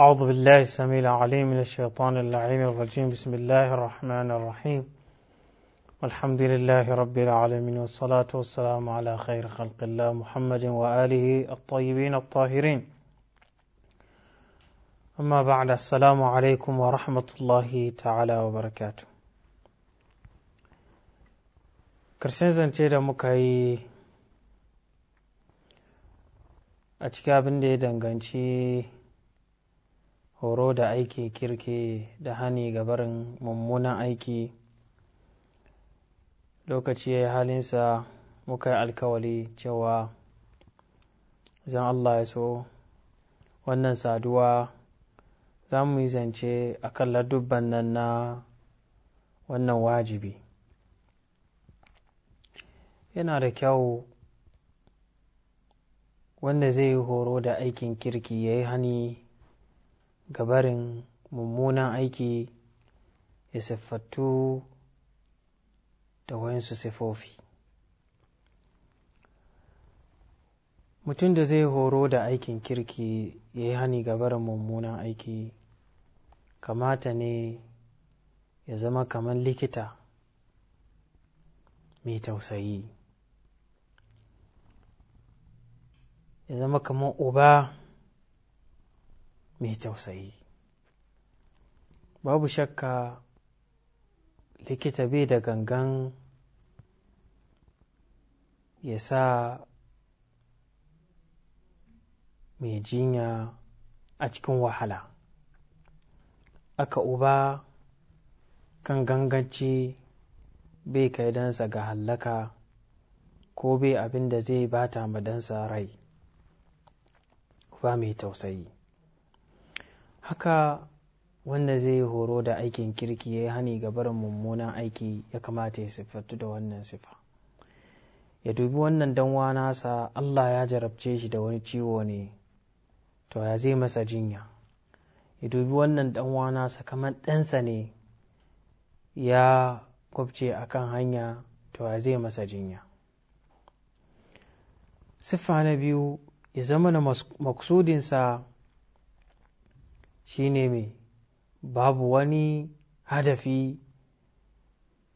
أعوذ بالله السميع العليم من الشيطان اللعين الرجيم بسم الله الرحمن الرحيم والحمد لله رب العالمين والصلاة والسلام على خير خلق الله محمد وآله الطيبين الطاهرين أما بعد السلام عليكم ورحمة الله تعالى وبركاته karshen zance da muka yi a cikin abin da ya danganci horo da aiki kirki da hani ga barin mummunan aiki lokaci ya yi halinsa muka yi alkawali cewa zan Allah ya so wannan saduwa za mu yi zance a kan ladubban nan na wannan wajibi yana da kyau wanda zai yi horo da aikin kirki ya yi hani gabarin mummunan aiki ya siffattu da wayansu sifofi mutum da zai horo da aikin kirki ya yi hani gabarin mummunan aiki kamata ne ya zama kamar likita mai tausayi ya zama kamar uba mai tausayi babu shakka likita bai da gangan ya sa mai jinya a cikin wahala aka uba kan ganganci bai kai dansa ga hallaka ko bai abin da zai bata ma dansa rai ba mai tausayi haka wanda zai yi horo da aikin kirki ya yi hani ga barin mummunan aiki ya kamata ya siffatu da wannan siffa ya dubi wannan danwa nasa Allah ya jarabce shi da wani ciwo ne to ya zai masa jinya ya dubi wannan danwa nasa kamar ɗansa ne ya kwabce a kan hanya to ya zai masa jinya siffa na biyu ya zama na maksudinsa Shi ne mai babu wani hadafi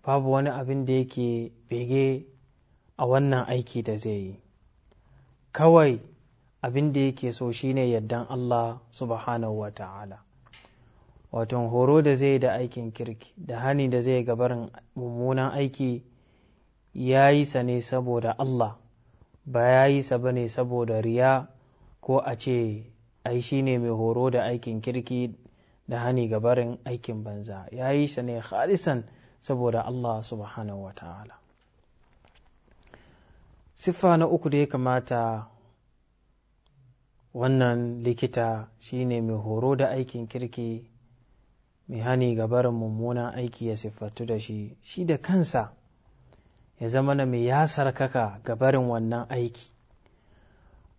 babu wani abin da yake bege a wannan aiki da zai yi kawai abin da yake so shi ne yardan Allah subhanahu wa ta'ala wato horo da zai da aikin kirki da hani da zai gabarin mummunan aiki ya yi sa ne saboda Allah ba ya yi sa bane saboda riya ko a ce ai shi ne mai horo da aikin kirki da hani ga aikin banza ya yi shi ne khalisan saboda Allah subhanahu wa ta'ala siffa na uku da ya kamata wannan likita shi ne mai horo da aikin kirki mai hani ga barin mummunan aiki ya siffatu da shi shi da kansa ya zama na mai ya sarkaka ga barin wannan aiki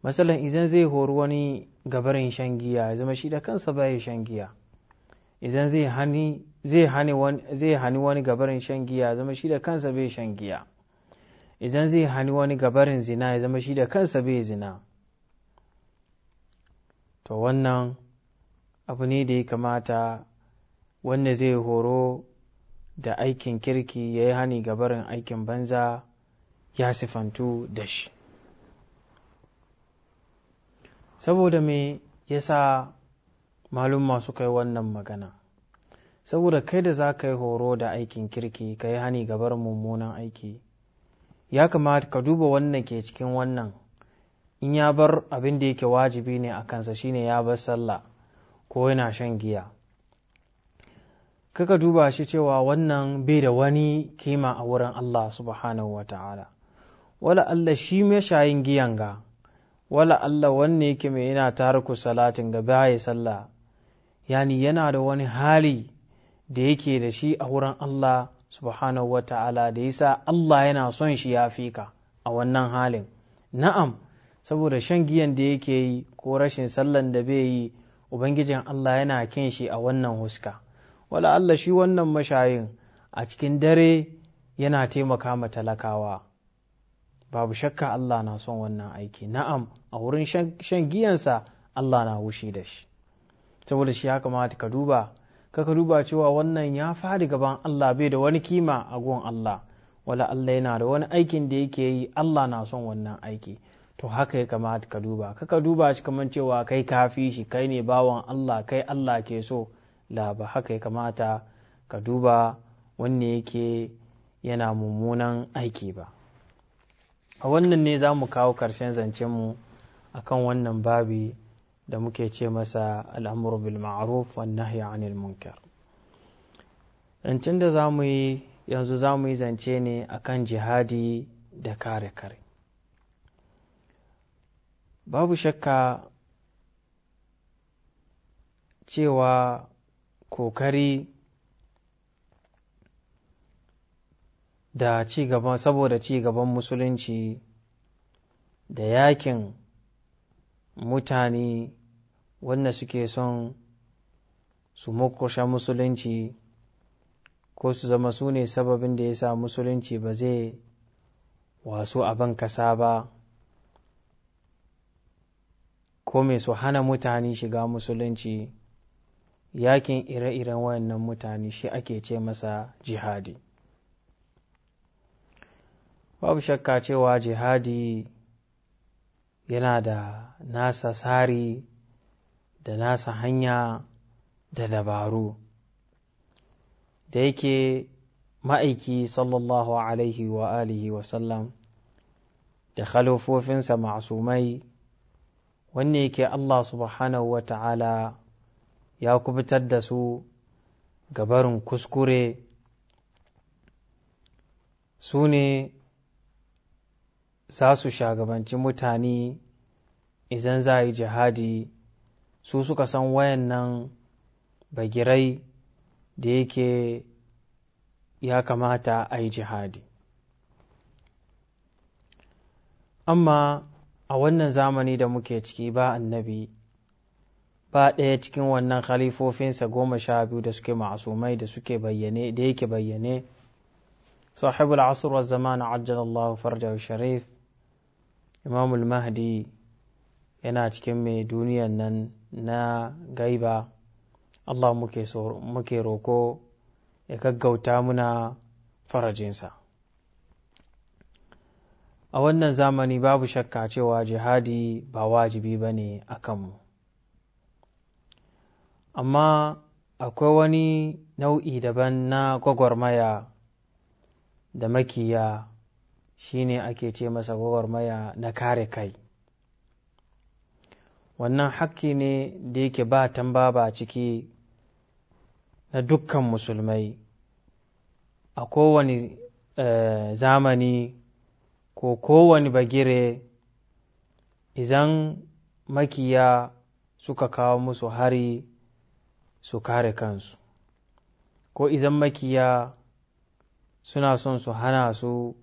matsalan idan zai horu wani gabarin shan giya ya zama shi da kansa baya shan giya idan zai hani wani zai hani wani gabarin shan giya ya zama shi da kansa bai shan giya idan zai hani wani gabarin zina ya zama shi da kansa bai zina to wannan abu ne da ya kamata wanda zai horo da aikin kirki ya yi hani gabarin aikin banza ya sifantu da shi saboda me ya sa malumma suka yi wannan magana saboda kai da za ka yi horo da aikin kirki ka yi hani gabar mummunan aiki ya kamata ka duba wannan ke cikin wannan in ya bar abin da yake wajibi ne a kansa shine ya bar sallah ko yana shan giya kaka duba shi cewa wannan bai da wani kima a wurin Allah subhanahu wa ta'ala wala Allah shi mai shayin giyan ga wala Allah wanne yake mai yana tarku salatin ga baya sallah yani yana da wani hali da yake da shi a wurin Allah subhanahu wa ta'ala da yasa Allah yana son shi ya fika a wannan halin na'am saboda shan giyan da yake yi ko rashin sallan da bai yi ubangijin Allah yana kin shi a wannan huska wala Allah shi wannan mashayin a cikin dare yana taimaka ma talakawa babu shakka Allah na son wannan aiki na'am a wurin shan giyansa Allah na wushi da shi saboda shi ya kamata ka duba ka ka duba cewa wannan ya fadi gaban Allah bai da wani kima a gun Allah wala Allah yana da wani aikin da yake yi Allah na son wannan aiki to haka ya kamata ka duba ka ka duba shi kamar cewa kai kafi shi kai ne bawan Allah kai Allah ke so la ba haka ya kamata ka duba wanne yake yana mummunan aiki ba a wannan ne za mu kawo ƙarshen zancenmu a kan wannan babi da muke ce masa al'amuru bil ma'ruf wa nahyi anil munkar zancen da za yi yanzu za mu yi zance ne a kan jihadi da kare kare babu shakka cewa kokari da ci saboda ci gaban musulunci da yakin mutane wanda suke son su mukusha musulunci ko su zama su ne sababin da ya sa musulunci ba zai wasu abin kasa ba ko mai su hana mutane shiga musulunci yakin ire-iren wayannan mutane shi ake ce masa jihadi babu shakka cewa jihadi yana da nasa tsari da nasa hanya da dabaru da yake ma'aiki sallallahu alaihi wa alihi wasallam da khalofofinsa ma'asumai wanne yake Allah subhanahu wa ta'ala ya kubutar da su gabarin kuskure su ne za su shagabanci mutane idan za a yi jihadi su suka san wayannan bagirai da yake ya kamata a yi jihadi amma a wannan zamani da muke ciki ba annabi ba ɗaya cikin wannan khalifofinsa goma sha biyu da suke ma'sumai da suke bayyane da yake bayyane sahibul asr zamanin ajiyar Allah sharif imamul mahdi yana cikin mai duniyan nan na gaiba allah muke roko ya gaggauta muna farajinsa a wannan zamani babu shakka cewa jihadi ba wajibi ba ne a kanmu amma akwai wani nau'i daban na gwagwarmaya da makiya Shi shine ake ce masa maya na kare kai wannan hakki ne da yake ba tamba ba ciki na dukkan musulmai a kowane eh, zamani ko kowane bagire Izan makiya suka kawo musu hari su kare kansu ko izan makiya suna son su hana su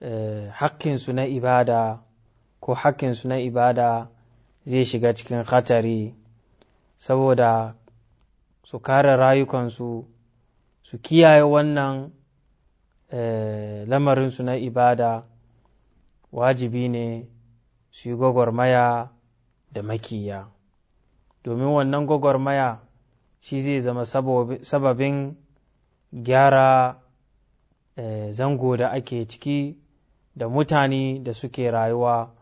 Eh, haƙƙinsu na ibada ko haƙƙinsu na ibada zai shiga cikin hatari saboda su kare rayukansu su kiyaye wannan eh, lamarinsu na ibada wajibi ne su yi gwagwarmaya da makiya domin wannan gwagwarmaya shi zai zama sababin gyara eh, zango da ake ciki da mutane da suke rayuwa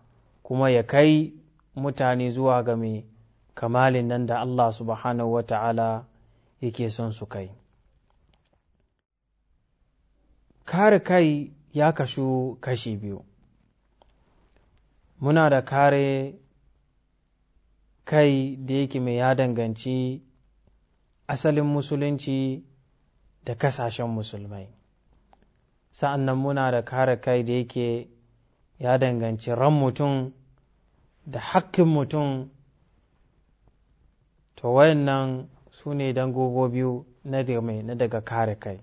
kuma ya kai mutane zuwa ga mai kamalin nan da Allah subhanahu wa ta'ala yake son su kai. Kare kai ya kashu kashi biyu, muna da kare kai da yake mai ya danganci asalin musulunci da kasashen musulmai. sa'an nan muna da kare kai da yake ya danganci ran mutum da hakkin mutum to wayannan su ne dangogo biyu na na daga kare kai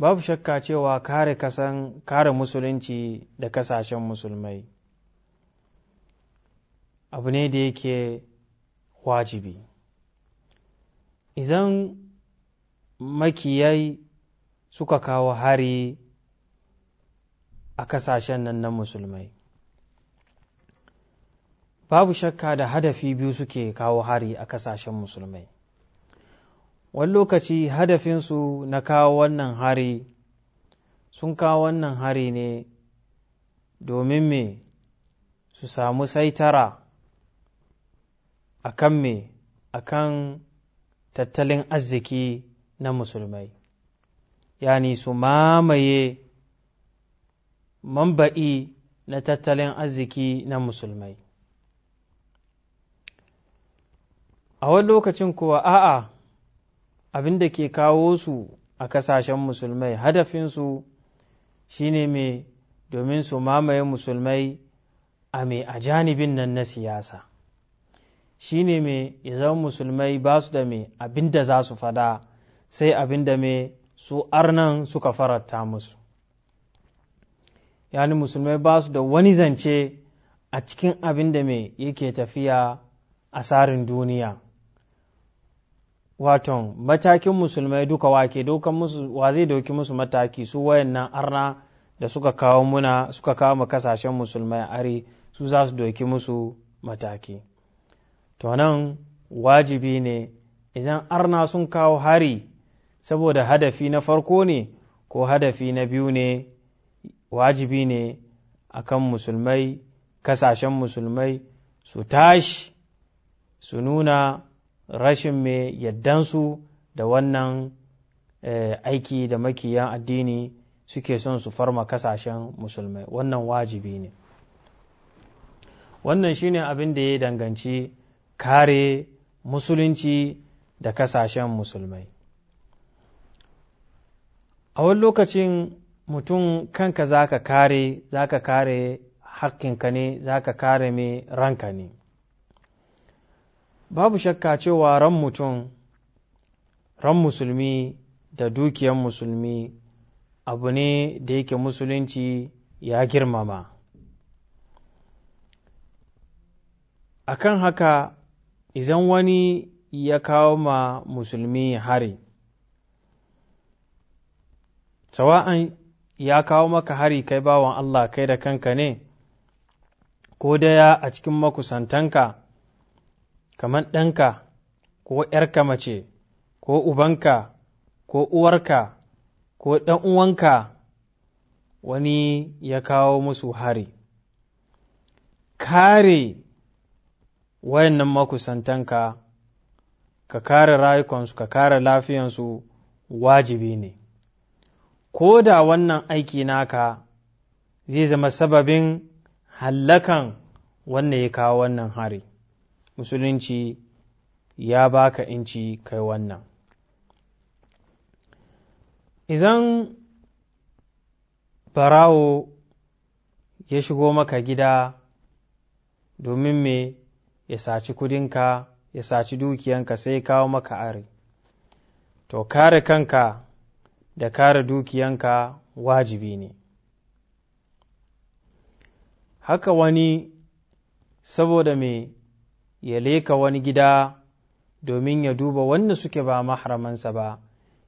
babu shakka cewa kare kasan kare musulunci da kasashen musulmai abu ne da yake wajibi idan makiyai suka kawo hari a kasashen nan na musulmai babu shakka da hadafi biyu suke kawo hari a kasashen musulmai wani lokaci hadafinsu na kawo wannan hari sun kawo wannan hari ne domin me su samu saitara a kan me a kan tattalin arziki na musulmai yani su mamaye mamba'i na tattalin arziki na musulmai a wani lokacin kuwa a'a abin da ke kawo su a kasashen musulmai hadafinsu ne mai domin su mamaye musulmai a mai a janibin nan na siyasa shine mai ya zama musulmai ba su da mai abin da za su fada sai abin da mai su arnan suka farata musu yani musulmai ba su da wani zance a cikin abin da mai yake tafiya a tsarin duniya waton matakin musulmai duka wake wa zai dauki musu mataki su wayannan arna da suka kawo muna suka kawo mu kasashen musulmai are su za su doki musu mataki to nan wajibi ne idan arna sun kawo hari saboda hadafi na farko ne ko hadafi na biyu ne wajibi ne akan musulmai kasashen musulmai su tashi su nuna rashin mai yaddansu da wannan eh, aiki da makiyan addini suke son su farma kasashen musulmai wannan wajibi ne wannan shine abin da ya danganci kare musulunci da kasashen musulmai a wani lokacin mutum kanka za ka kare za ka kare hakkinka ne za ka kare mai ranka ne babu shakka cewa ran mutum ran musulmi da dukiyan musulmi abu ne da yake musulunci ya girmama A kan haka idan wani ya kawo ma musulmi hari sawa'an ya kawo maka hari kai bawan Allah kai da kanka ne ko daya a cikin makusantanka kamar ɗanka ko ’yarka mace ko ubanka ko uwarka ko ɗan uwanka wani ya kawo musu hari kare wayannan makusantanka ka kare rayukansu ka kare lafiyansu wajibi ne ko da wannan aiki naka zai zama sababin hallakan wanda ya kawo wannan hari musulunci ya baka inci kai wannan Izan barawo ya shigo maka gida domin me ya saci kudinka ya saci dukiyanka sai kawo maka ari to kare kanka da kare dukiyanka wajibi ne haka wani saboda mai ya leka wani gida domin ya duba wanda suke ba mahramansa ba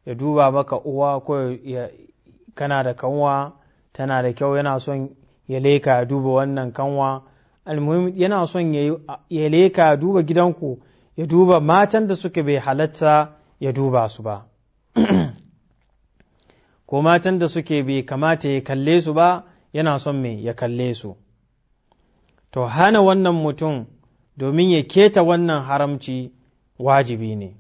ya duba maka uwa ko kana da kanwa tana da kyau yana son ya leka ya duba wannan kanwa almuhim yana son ya leka ya duba gidanku ya duba matan da suke bai halatta ya duba su ba ko matan da suke bai kamata ya kalle su ba yana son me ya kalle su to hana wannan mutum domin ya keta wannan haramci wajibi ne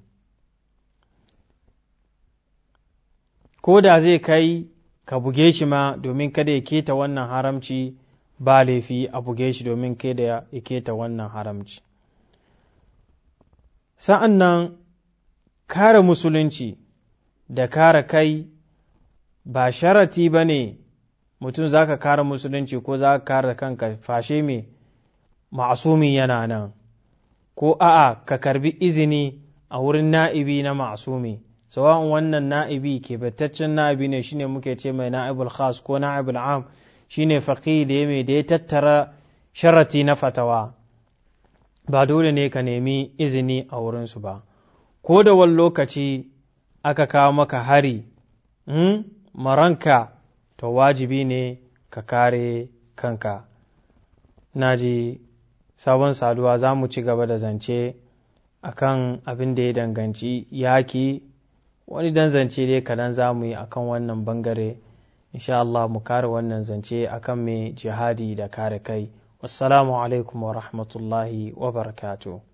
ko da zai kai ka buge shi ma domin kada ya keta wannan haramci ba laifi a buge shi domin kada ya keta wannan haramci sa'an nan kare musulunci da kare kai ba sharati ba ne mutum za ka kare musulunci ko za ka kare kanka fashe me ma'asumi yana nan ko a'a ka karbi izini a wurin na'ibi na ma'asumi sawa'un wannan na'ibi bataccen na'ibi ne shine muke ce mai na'ibul khas ko na'ibul am shine faqi da ya da ya tattara sharati na fatawa ba dole ne ka nemi izini a wurinsu ba ko da wani lokaci aka kawo maka hari hmm? maranka to wajibi ne ka kare kanka na ji sabon saduwa za mu ci gaba da zance a kan abin da ya danganci yaki wani dan zance dai kadan za mu yi akan wannan bangare insha Allah mu kare wannan zance a kan mai jihadi da kare kai wassalamu alaikum wa rahmatullahi wa barakatuh